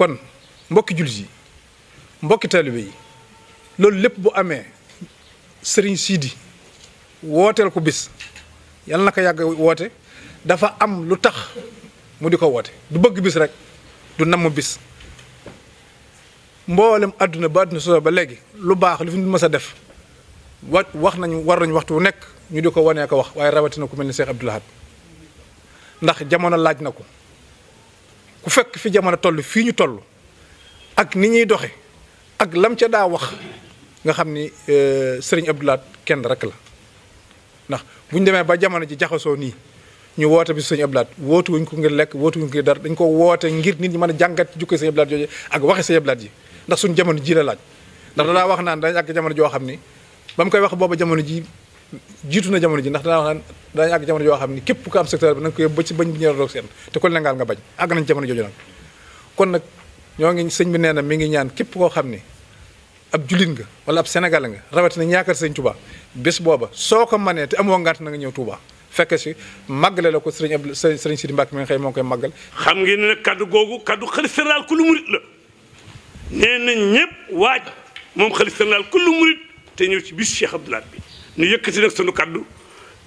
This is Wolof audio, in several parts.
kon mbokki jullit yi mbokki taalibe yi loolu lépp bu amee sëriñ Sidi wooteel ko bis yàlla na ko yàgg woote dafa am lu tax mu di ko woote du bëgg bis rek du namm bis mboolem àdduna ba àdduna solo ba léegi lu baax lu fi mës a def wa wax nañu war nañu waxtu wu nekk ñu di ko wanee ko wax waaye rawatina ku mel ni Cheikh Abdoul ndax jamono laaj na ko ku fekk fi jamono toll fii ñu toll ak ni ñuy doxe ak lam ca daa wax nga xam ni euh, sëriñ Abdou Lahad kenn rek la ndax bu ñu demee ba jamono ji jaxasoo nii ñu woote bi sëriñ Abdou Lahad wootu wuñ ko ngir lekk wootu wuñ ko ngir dara dañ ko woote ngir nit ñi mën a jàngat jukkee sëriñ Abdou Lahad jooje ak waxe sëriñ Abdou Lahad ji ndax suñ jamono ji la laaj ndax da daa wax naan dañ ak jamono joo xam ni ba mu koy wax boobu jamono jii Jitu na jamono ji ndax danaa wax daañu àgg jamono joo xamni kep képp ku am secteur bi nang nga ko yóbbu ci bañ bi ñëw seen te ko lengal nga bañ ag nañ jamono jojo nak kon nak ñoo ngi señ bi neena mi ngi ñaan kep ko xamni ab julit nga wala ab sénégal nga na ñaakar señ touba bes boba soko mané te amo ngat na nga ñew touba fekk si màggale lako señ sëriñ ab señ sidi mbak mi nga xëy moo koy magal xam ngi ne kaddu gogu kaddu khalifa ral ku murid la neena ñep waaj mom khalifa ral ku murid te ñew ci bis cheikh abdoulaye ñu yëkkati nag sunu kàddu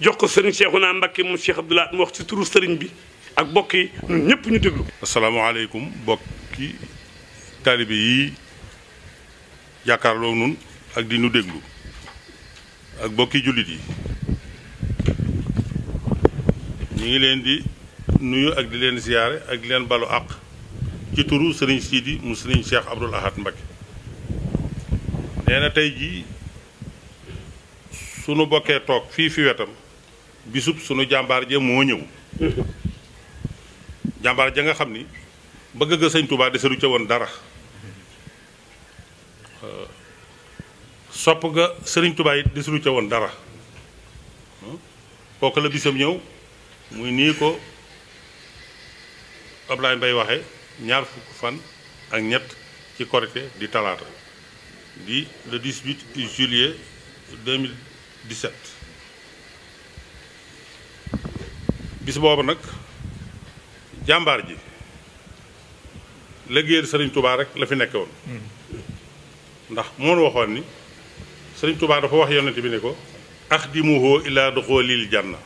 jox ko sëriñ Cheikhouna Mbacké moom Cheikh Abdoulaye mu wax ci turu sëriñ bi ak mbokk yi ñun ñëpp ñu déglu. asalaamaaleykum mbokki taalibe yi jàkkaarloo nun ak di nu déglu ak mbokki jullit yi ñu ngi leen di nuyu ak di leen ziyaare ak di leen balu àq ci turu sëriñ Sidi mu sëriñ Cheikh Abdoul Ahad Mbacké tey jii. sunu bokke tok fi fi wetam bisub sunu jambar je mo ñew jambar je nga xamni bëgg ga sëñ Touba seru ci won dara euh, sopp ga sëriñ Touba de seru ci won dara hmm? kooku la bisam ñew muy ni ko Ablaye Mbaye waxe ñaar fukk fan ak ñet ci korité di talata di le 18 juillet 2000 17 bis boobu nag jàmbaar ji liggéeyal sëriñ tubaar rek la fi nekke woon ndax moon waxoon ni sëriñ tubaa dafa wax yonent bi ne ko axdimuhu ilaa duxoolil janna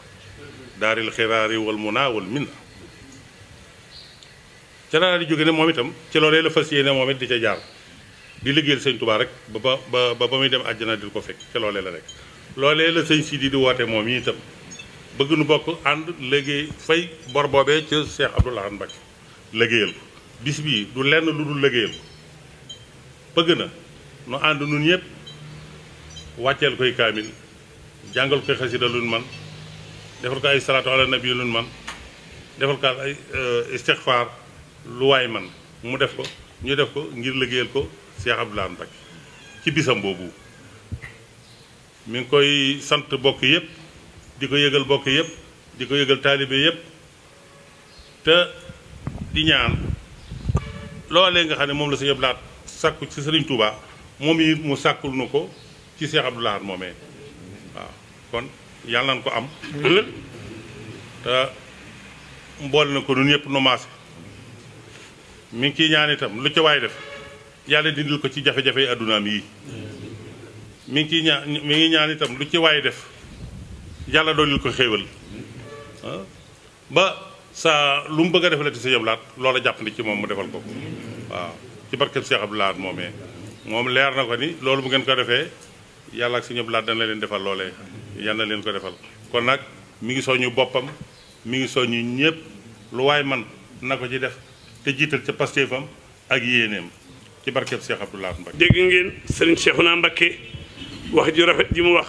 daaril xiraari wal munaa wal minna ca jóge ne moom itam ci loolee la fas yéene moom it di ca jaar di liggéeyal sëriñ tubaar rek ba ba ba ba muy dem àjjana di ko fekk ca loolee la rek loolee la sëñ Sidi di woote moom itam bëgg nu bokk ànd liggéey fay bor boobee ca Cheikh Abdou Lahad Mbacké liggéeyal ko bis bii du lenn lu dul liggéeyal ko bëgg na nu ànd nun ñëpp wàcceel koy kaamil jàngal koy xasida luñ man defal ko ay salaatu ala nabi luñ man defal ko ay euh, istixfaar lu waay man mu def ko ñu def ko ngir liggéeyal ko Cheikh Abdou Lahad Mbacké ci bisam boobu mi ngi koy sant bokk yëpp di ko yëgal bokk yëpp di ko yëgal taalibe yëpp te di ñaan loolee nga xam ne moom la sëñ Abdou Lahad sàkku ci sëriñ Touba moom it mu sàkkul na ko ci Cheikh Abdou Lahad moomee waaw kon yàlla nañ ko am te mboole na ko nun ñëpp nu maase mi ngi kiy ñaan itam lu ca waay def yàlla dindil ko ci jafe-jafe yi yi mi ngi ciy ñaan mi ngi ñaan itam lu ci waay def yàlla doolil ko xéewal ah. ba sa lu mu bëgg a def la defalati sa yablaat loola jàpp ni ci moom mu defal ko waaw ci barkeb Cheikh Abdou Lahad moomee moom leer na ko ni loolu bu ngeen ko defee yàlla ak sa yablaat dana leen defal loolee yal na leen ko defal kon nag mi ngi soññu boppam mi ngi soññu ñëpp lu waay man na ko ci def te jiital ca pastéefam ak yéeneem ci barkeb Cheikh Abdou Lahad Mbacké dégg ngeen Serigne Cheikhouna Mbacké wax ju rafet ji mu wax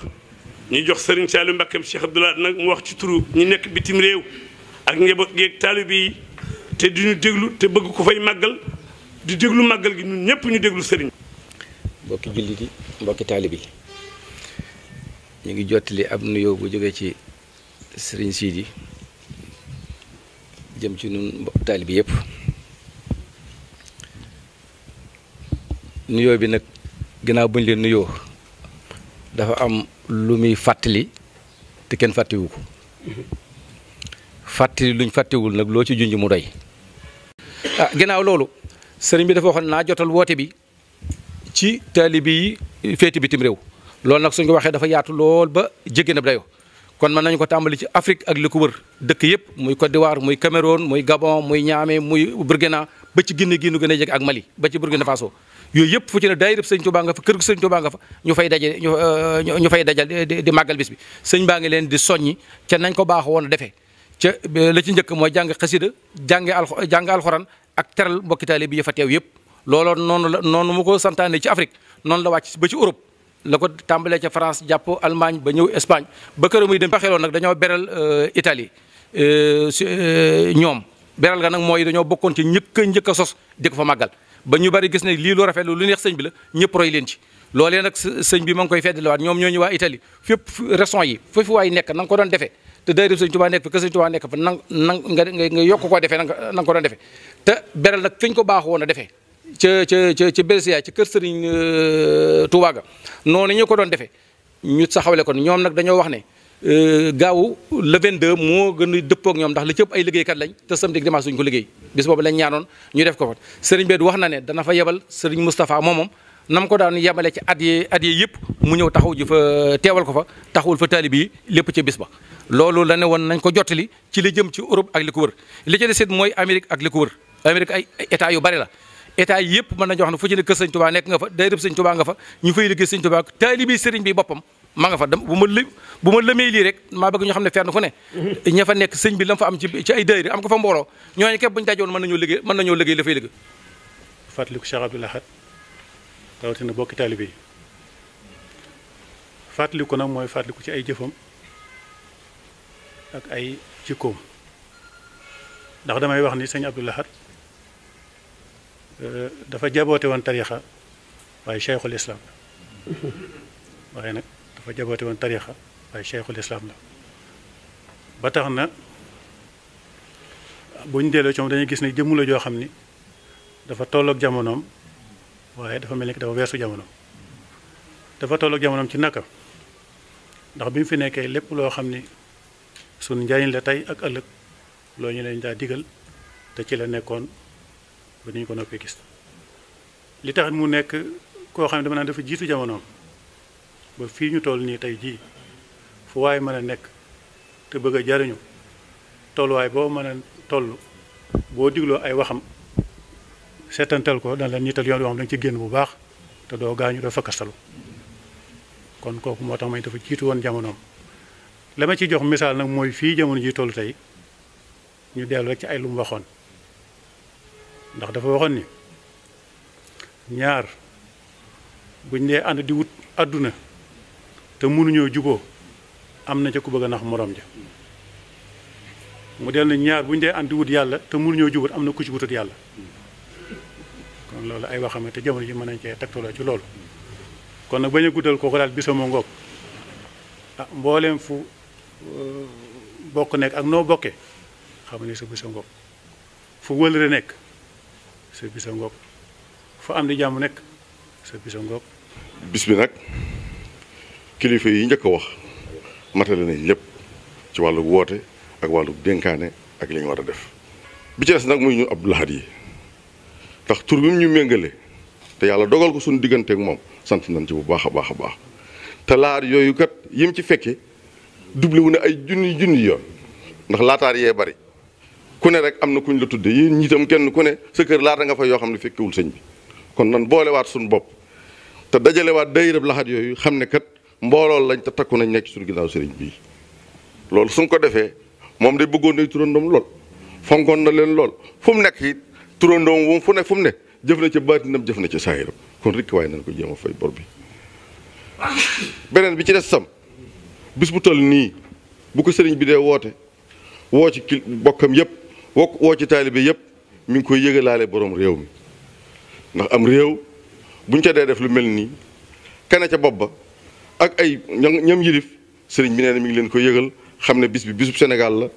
ñu jox sëriñ Saliou Mbacké Cheikh Abdoulaye nag mu wax ci turu ñu nekk bitim réew ak njaboot geeg taalibe yi te du ñu déglu te bëgg ko fay màggal di déglu màggal gi nu ñëpp ñu déglu sëriñ mbokki jullit yi mbokki taalibe yi ñu ngi jottali ab nuyoo bu jógee ci sëriñ Sidi jëm ci nun mbokk taalibe yëpp nuyoo bi nag ginnaaw buñ leen nuyoo dafa am lu muy fàttali te kenn fàttiwu ko fàttali luñ fàttiwul nag loo ci junj mu doy ah ginnaaw loolu sëriñ bi dafa waxoon naa jotal woote bi ci taalibe yi féeti bitim réew loolu nag suñ ko waxee dafa yaatu lool ba jege na dayoo kon mën nañu ko tàmbali ci Afrique ak li ko wër dëkk yëpp muy Côte d'Ivoire muy Cameroun muy Gabon muy Niamey muy Burkina ba ci Guinée gi nu gën a jeg ak Mali ba ci Burkina Faso yooyu yëpp fu ci ne daayirab sëñ Tuubaa nga fa kër gu sëñ Tuubaa nga fa ñu fay daje ñu euh, fay dajal di màggal bis bi sëñ baa ngi leen di soññi ca nañ ko baax woon defee ca euh, la ci njëkk mooy jàng xasida jànge al jàng alxuraan ak teral mbokki bi yi fa teew yëpp looloon noonu la noonu mu ko santaanee ci Afrique noonu la wàcc ba ci Europe la ko tàmbalee ca farance jàpp Allemagne ba ñëw Espagne ba këra muy dem xeloon nag dañoo beral euh, Italie ñoom beral ga nag mooy dañoo bokkoon ci njëkk a njëkk a di ko fa màggal ba ñu bari gis ne lii lu rafet lu neex sëñ bi la ñëpp roy leen ci loole nag sëñ bi ma ngi koy feddaliwaat ñoom ñooñu waa Italie fépp raison yi foofu waay nekk na ko doon defee te day def nekk fa que sëñ Tuubaa nekk fa na na nga nga yokk koo defee na ko doon te beral nag fi ko baaxoo woon a defee ca ca ca ca Bersia ci kër sëriñ euh, Tuubaa ga noonu ñu ko doon defee ñu saxawle ko ñoom nag dañoo wax ne Euh, gaaw le 22 moo gën a dëppoog ñoom ndax li ci ëpp ay liggéeykat lañ te samedi ak dimanche duñ ko liggéey bis boobu lañ ñaanoon ñu def ko fa sëriñ Bédou wax na ne dana fa yebal sëriñ moom moom nam ko daan yemale ci at yee at yëpp mu ñëw taxaw ji fa teewal ko fa taxawul fa taalib yi lépp ci bis ba loolu la ne woon nañ ko jottali ci li jëm ci Europe ak li ko wër li ci desit mooy Amérique ak li ko wër Amérique ay état yu bari la état yëpp mën nañu wax ne fu ci ne kër sëñ Touba nga fa day rëb sëñ Touba nga fa ñu fay liggéey bi boppam ma nga fa dem bu ma lë bu ma lëmee lii rek maa bëgg ñu xam ne fenn fu ne ña fa nekk sëñ bi lam fa am ci ci ay dayri am ko fa mbooloo ñooñu képp bu ñu dajoon mën nañoo liggéey mën nañoo liggéey la fay liggéey fàttaliku Cheikh Abdoul Ahad rawatina bokki taalibe yi fàttaliku nag mooy fàttaliku ci ay jëfam ak ay jikkoom ndax damay wax ni sëñ Abdoul Ahad dafa jaboote woon tarixa waaye cheikhul islam waaye nag dafa woon tarixa waaye cheikhul islam la ba tax na bu ñu delloo ci moom dañuy gis ne jëmmula joo xam ni dafa tolloog jamonoom waaye dafa mel ni dafa weesu dafa tolloog jamonoom ci naka ndax bi mu fi nekkee lépp loo xam ni suñ njariñ la tey ak ëllëg loo ñu leen daa digal te ci la nekkoon ba ni ñu ko noppee gis li tax mu nekk koo xam ne dama naan dafa jiitu jamonoom ba fii ñu toll nii tey jii fu waay mën a nekk te bëgg a jariñu tolluwaay boo mën a toll boo digloo ay waxam seetantal ko dana la niital yoon yoo xam dañu ci génn bu baax te doo gaañu doo fakkastalu kon kooku moo tax mañ dafa jiitu woon jamonoom la ma ci jox misaal nag mooy fii jamono ji tollu tey ñu dellu rek ci ay lu waxoon ndax dafa waxoon ni ñaar buñ dee ànd di wut àdduna te mënuñoo juboo am na ca ku bëgg a nax moroom ja mu dellu ñaar bu ñu dee ànd wut yàlla te mënuñoo jubut am na ku ci wutut yàlla kon loolu ay waxam te jamono ji mën nañ cee tegtaloo ci loolu kon nag bañ a guddal kooku daal bisama ngoog ah mbooleem fu euh, bokk nekk ak noo bokkee xam ne sa bisa ngoog fu wëlëre nekk sa bisa ngoog fu am di jàmm nekk sa bisa ngoog bis bi nag kilifa yi njëkk a wax matale nañ lépp ci wàllu woote ak wàllu denkaane ak li war a def bi ci des nag muy ñu ab Lahad yi ndax tur bi mu ñu méngale te yàlla dogal ko suñu digganteek moom sant nañ ci bu baax a baax a baax te laar yooyu kat yim ci fekke doublé wu ne ay junni junni yoon ndax laataar yee bari ku ne rek am na kuñ la tudde yéen ñi itam kenn ku ne sa kër laata nga fa yoo xam ne fekkewul sëñ bi kon nan boolewaat suñu bopp te dajalewaat dayirab laxat yooyu xam ne kat mbooloo lañ te takku nañ nekk ci suñu ginnaaw sëriñ bi loolu suñ ko defee moom de bëggoon nay turandoom lool fonkoon na leen lool fu mu nekk it turandoom moom fu ne fu mu ne jëf na ci baatinam jëf na ci saayiram kon rikk waaye nañ ko jéem fay bor bi beneen bi ci des sam bis bu toll nii bu ko sëriñ bi dee woote woo ci kil bokkam yëpp woo woo ci taalibe yëpp mi ngi koy yëgalaale borom réew mi ndax am réew buñ ca dee def lu mel nii kene ca bopp ba ak ay ñam yilif serigne bi neena na mi ngi leen ko yëgal xamne ne bis bi bisub senegal la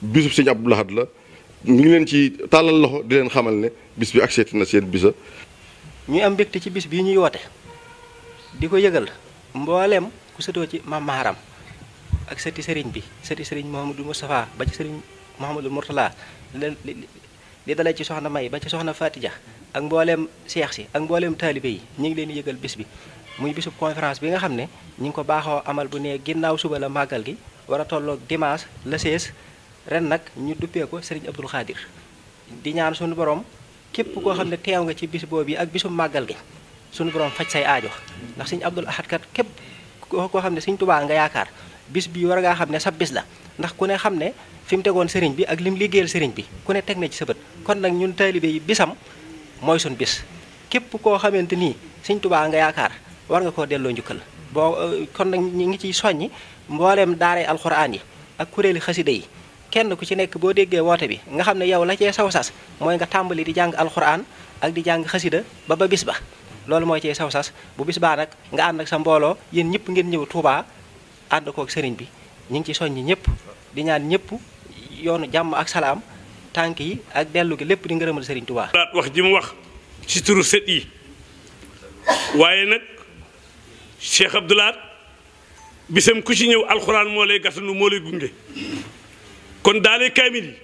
bisub serigne Abdou Lahad la mi ngi leen ci talal loxo di leen xamal ne bis bi ak setina seen bisa ñi am mbégte ci bis bi ñuy woote di ko yëgal ku seto ci maam Maharam ak seti serigne bi seti serigne Mouhamadou mustapha ba ci serigne Mouhamadou murtala li dalay ci soxna May ba ci soxna Fatija ak mbooleem cheikh si ak mbooleem talibey ñi ngi leen di bis bi muy bisub conférence bi nga xam ne ñi ngi ko baaxoo amal bu nee ginnaaw suba la màggal gi war a tolloog dimanche le 16 ren nag ñu duppee ko Serigne Abdoul Khadir di ñaan sunu borom képp koo xam ne teew nga ci bis boobu yi ak bisu màggal gi sunu borom faj say aajo ndax Serigne Abdoul Ahad kat képp koo xam ne Serigne tubaa nga yaakaar bis bi war ngaa xam ne sa bis la ndax ku ne xam ne fi mu tegoon sëriñ bi ak lim liggéeyal sëriñ bi ku ne teg na ci sa bët kon nag ñun taalibe yi bisam mooy suñ bis képp koo xamante nii Serigne nga yaakaar war nga ko delo ñukal bo kon nak ñi ngi ci soñi mbolem daaray alquran yi ak kureeli xasida yi kenn ku ci nek bo dege wote bi nga xamne yow la cee saw sas moy nga tambali di jang alquran ak di jang xasida ba ba bis ba loolu mooy cee saw sas bu bis baa nga and ak sa mbolo yeen ñëpp ngeen ñew Touba ko ak serigne bi ñi ngi ci soñi ñëpp di ñaan ñëpp yoonu jam ak salam tanki ak delu gi lepp di ngeureumal serigne Touba. wax ji mu wax ci turu set yi waye nak شيخ عبد الله بسم كوشي نيو القران مولاي غاسنو مولاي غونغي كون دالي كاملي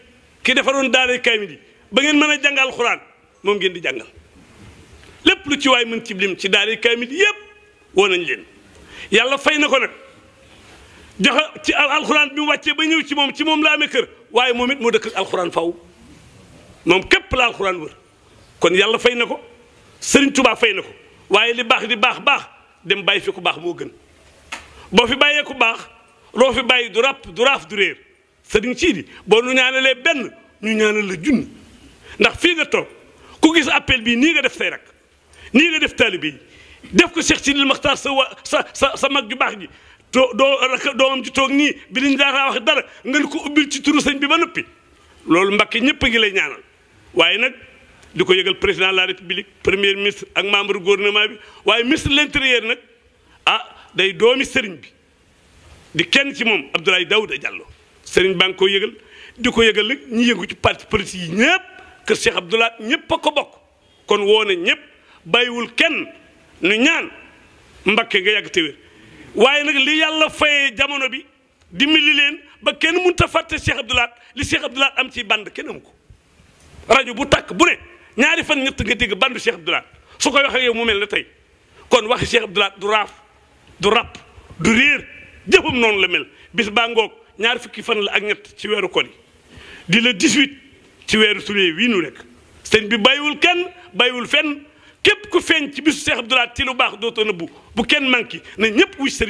كي دافارون دالي كاملي با نين مانا جانغال القران موم نين دي جانغال لب لو تي واي من تيبليم تي دالي كاملي ييب وونن لين يالا فاي نكو نك جخا تي القران بيم واتي با نيو تي موم تي موم لا امي كير واي موميت مو دك القران فاو موم كيب لا القران وور كون يالا فاي نكو سيرن توبا فاي نكو واي لي باخ دي باخ باخ dem bàyyi fi ku baax moo gën boo fi bàyyee ku baax loo fi bàyyi du ràpp du raaf du réer sëriñ Sidi boo nu ñaanalee benn ñu ñaanal la junni ndax fii nga toog ku gis appel bii nii nga def say rak nii nga def taalibe yi def ko Cheikh Sidil Maxtaar sa wa sa sa sa mag ju baax ji too doo rak doomam ji toog nii bi liñ daataa wax dara nga ko ubbil ci turu sëñ bi ba noppi loolu Mbàkke ñëpp a ngi lay ñaanal waaye nag di ko yëgal président de la république premier ministre ak membre gouvernement bi waaye ministre de l'intérieur nag ah day doomi sëriñ bi di kenn ci moom Abdoulaye Daouda Diallo sëriñ baa ngi ko yëgal di ko yëgal nag ñi yëngu ci parti politique yi ñëpp kër Cheikh Abdoulaye ñëpp ko bokk kon woo na ñëpp bàyyiwul kenn nu ñaan mbakke nga yàgg téwér waaye nag li yàlla faye jamono bi dimbali leen ba kenn mënut a fàtte Cheikh Abdoulaye li Cheikh Abdoulaye am ci band kenn ko rajo bu tàkk bu ne ñaari fan ñett nga dégg bandu Cheikh Abdoulaat su koy wax yow mu mel ne tey kon waxi Cheikh Abdoulaat du raaf du rap du réer jëfam noonu la mel bis baa ngoog ñaar fukki fan la ak ñett ci weeru kori di le 18 ci weeru sulet wii nu nekk sëñ bi bàyyiwul kenn bàyyiwul fenn képp ku feeñ ci bisu Cheikh Abdoulaat ci lu baax dootoo nëbbu bu kenn manki na ñëpp wuy sëriñ